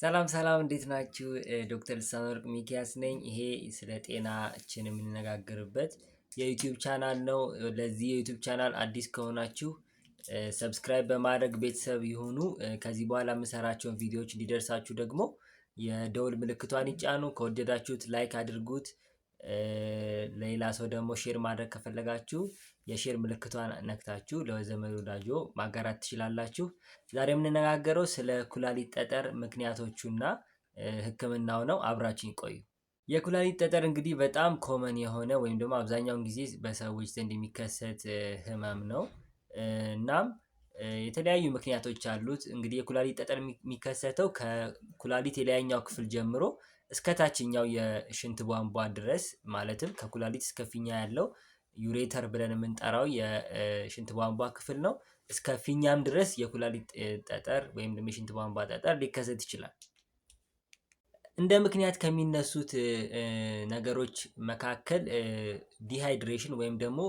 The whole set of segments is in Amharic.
ሰላም ሰላም እንዴት ናችሁ? ዶክተር ልሳን ወርቅ ሚኪያስ ነኝ። ይሄ ስለ ጤናችን የምንነጋገርበት የዩቲዩብ ቻናል ነው። ለዚህ የዩቲዩብ ቻናል አዲስ ከሆናችሁ ሰብስክራይብ በማድረግ ቤተሰብ ይሁኑ። ከዚህ በኋላ የምሰራቸውን ቪዲዮዎች እንዲደርሳችሁ ደግሞ የደውል ምልክቷን ይጫኑ። ከወደዳችሁት ላይክ አድርጉት። ለሌላ ሰው ደግሞ ሼር ማድረግ ከፈለጋችሁ የሼር ምልክቷን ነክታችሁ ለዘመድ ወዳጆ ማጋራት ትችላላችሁ። ዛሬ የምንነጋገረው ስለ ኩላሊት ጠጠር ምክንያቶቹና ሕክምናው ነው። አብራችን ቆዩ። የኩላሊት ጠጠር እንግዲህ በጣም ኮመን የሆነ ወይም ደግሞ አብዛኛውን ጊዜ በሰዎች ዘንድ የሚከሰት ህመም ነው። እናም የተለያዩ ምክንያቶች አሉት። እንግዲህ የኩላሊት ጠጠር የሚከሰተው ከኩላሊት የላይኛው ክፍል ጀምሮ እስከ ታችኛው የሽንት ቧንቧ ድረስ ማለትም ከኩላሊት እስከ ፊኛ ያለው ዩሬተር ብለን የምንጠራው የሽንት ቧንቧ ክፍል ነው። እስከ ፊኛም ድረስ የኩላሊት ጠጠር ወይም ደግሞ የሽንት ቧንቧ ጠጠር ሊከሰት ይችላል። እንደ ምክንያት ከሚነሱት ነገሮች መካከል ዲሃይድሬሽን ወይም ደግሞ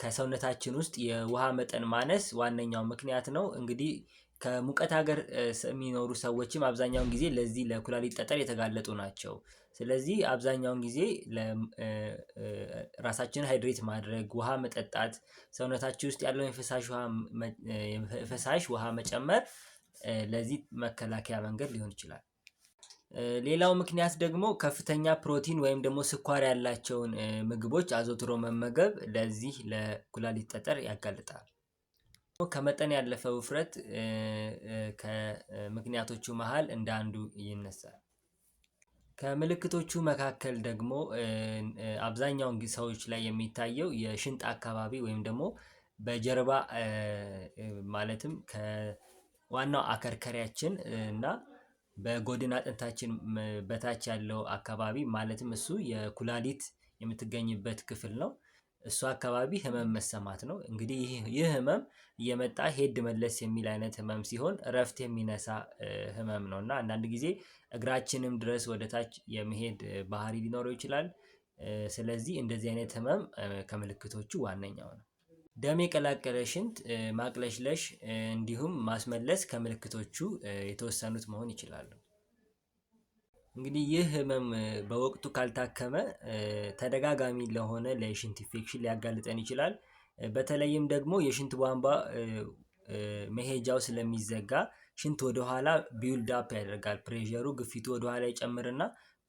ከሰውነታችን ውስጥ የውሃ መጠን ማነስ ዋነኛው ምክንያት ነው። እንግዲህ ከሙቀት ሀገር የሚኖሩ ሰዎችም አብዛኛውን ጊዜ ለዚህ ለኩላሊት ጠጠር የተጋለጡ ናቸው። ስለዚህ አብዛኛውን ጊዜ ራሳችንን ሃይድሬት ማድረግ ውሃ መጠጣት ሰውነታችን ውስጥ ያለውን የፈሳሽ ውሃ ፈሳሽ ውሃ መጨመር ለዚህ መከላከያ መንገድ ሊሆን ይችላል። ሌላው ምክንያት ደግሞ ከፍተኛ ፕሮቲን ወይም ደግሞ ስኳር ያላቸውን ምግቦች አዘውትሮ መመገብ ለዚህ ለኩላሊት ጠጠር ያጋልጣል ከመጠን ያለፈ ውፍረት ከምክንያቶቹ መሀል እንደ አንዱ ይነሳል። ከምልክቶቹ መካከል ደግሞ አብዛኛውን ሰዎች ላይ የሚታየው የሽንጥ አካባቢ ወይም ደግሞ በጀርባ ማለትም ከዋናው አከርከሪያችን እና በጎድን አጥንታችን በታች ያለው አካባቢ ማለትም እሱ የኩላሊት የምትገኝበት ክፍል ነው እሱ አካባቢ ህመም መሰማት ነው። እንግዲህ ይህ ህመም እየመጣ ሄድ መለስ የሚል አይነት ህመም ሲሆን እረፍት የሚነሳ ህመም ነው እና አንዳንድ ጊዜ እግራችንም ድረስ ወደታች የመሄድ ባህሪ ሊኖረው ይችላል። ስለዚህ እንደዚህ አይነት ህመም ከምልክቶቹ ዋነኛው ነው። ደም የቀላቀለ ሽንት ማቅለሽለሽ፣ እንዲሁም ማስመለስ ከምልክቶቹ የተወሰኑት መሆን ይችላሉ። እንግዲህ ይህ ህመም በወቅቱ ካልታከመ ተደጋጋሚ ለሆነ ለሽንት ኢንፌክሽን ሊያጋልጠን ይችላል። በተለይም ደግሞ የሽንት ቧንቧ መሄጃው ስለሚዘጋ ሽንት ወደኋላ ቢውልድ አፕ ያደርጋል ፕሬዠሩ ግፊቱ ወደኋላ ይጨምርና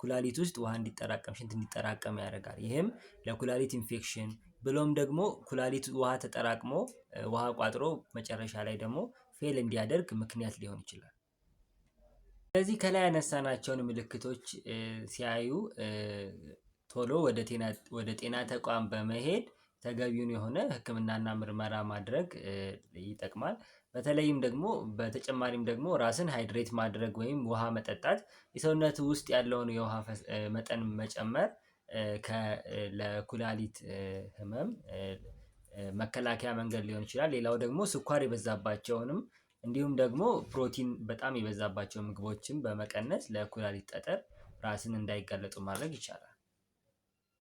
ኩላሊት ውስጥ ውሃ እንዲጠራቀም ሽንት እንዲጠራቀም ያደርጋል። ይህም ለኩላሊት ኢንፌክሽን ብሎም ደግሞ ኩላሊት ውሃ ተጠራቅሞ ውሃ ቋጥሮ መጨረሻ ላይ ደግሞ ፌል እንዲያደርግ ምክንያት ሊሆን ይችላል እነዚህ ከላይ ያነሳናቸውን ምልክቶች ሲያዩ ቶሎ ወደ ጤና ተቋም በመሄድ ተገቢውን የሆነ ህክምናና ምርመራ ማድረግ ይጠቅማል። በተለይም ደግሞ በተጨማሪም ደግሞ ራስን ሃይድሬት ማድረግ ወይም ውሃ መጠጣት የሰውነት ውስጥ ያለውን የውሃ መጠን መጨመር ለኩላሊት ህመም መከላከያ መንገድ ሊሆን ይችላል። ሌላው ደግሞ ስኳር የበዛባቸውንም እንዲሁም ደግሞ ፕሮቲን በጣም የበዛባቸው ምግቦችን በመቀነስ ለኩላሊት ጠጠር ራስን እንዳይጋለጡ ማድረግ ይቻላል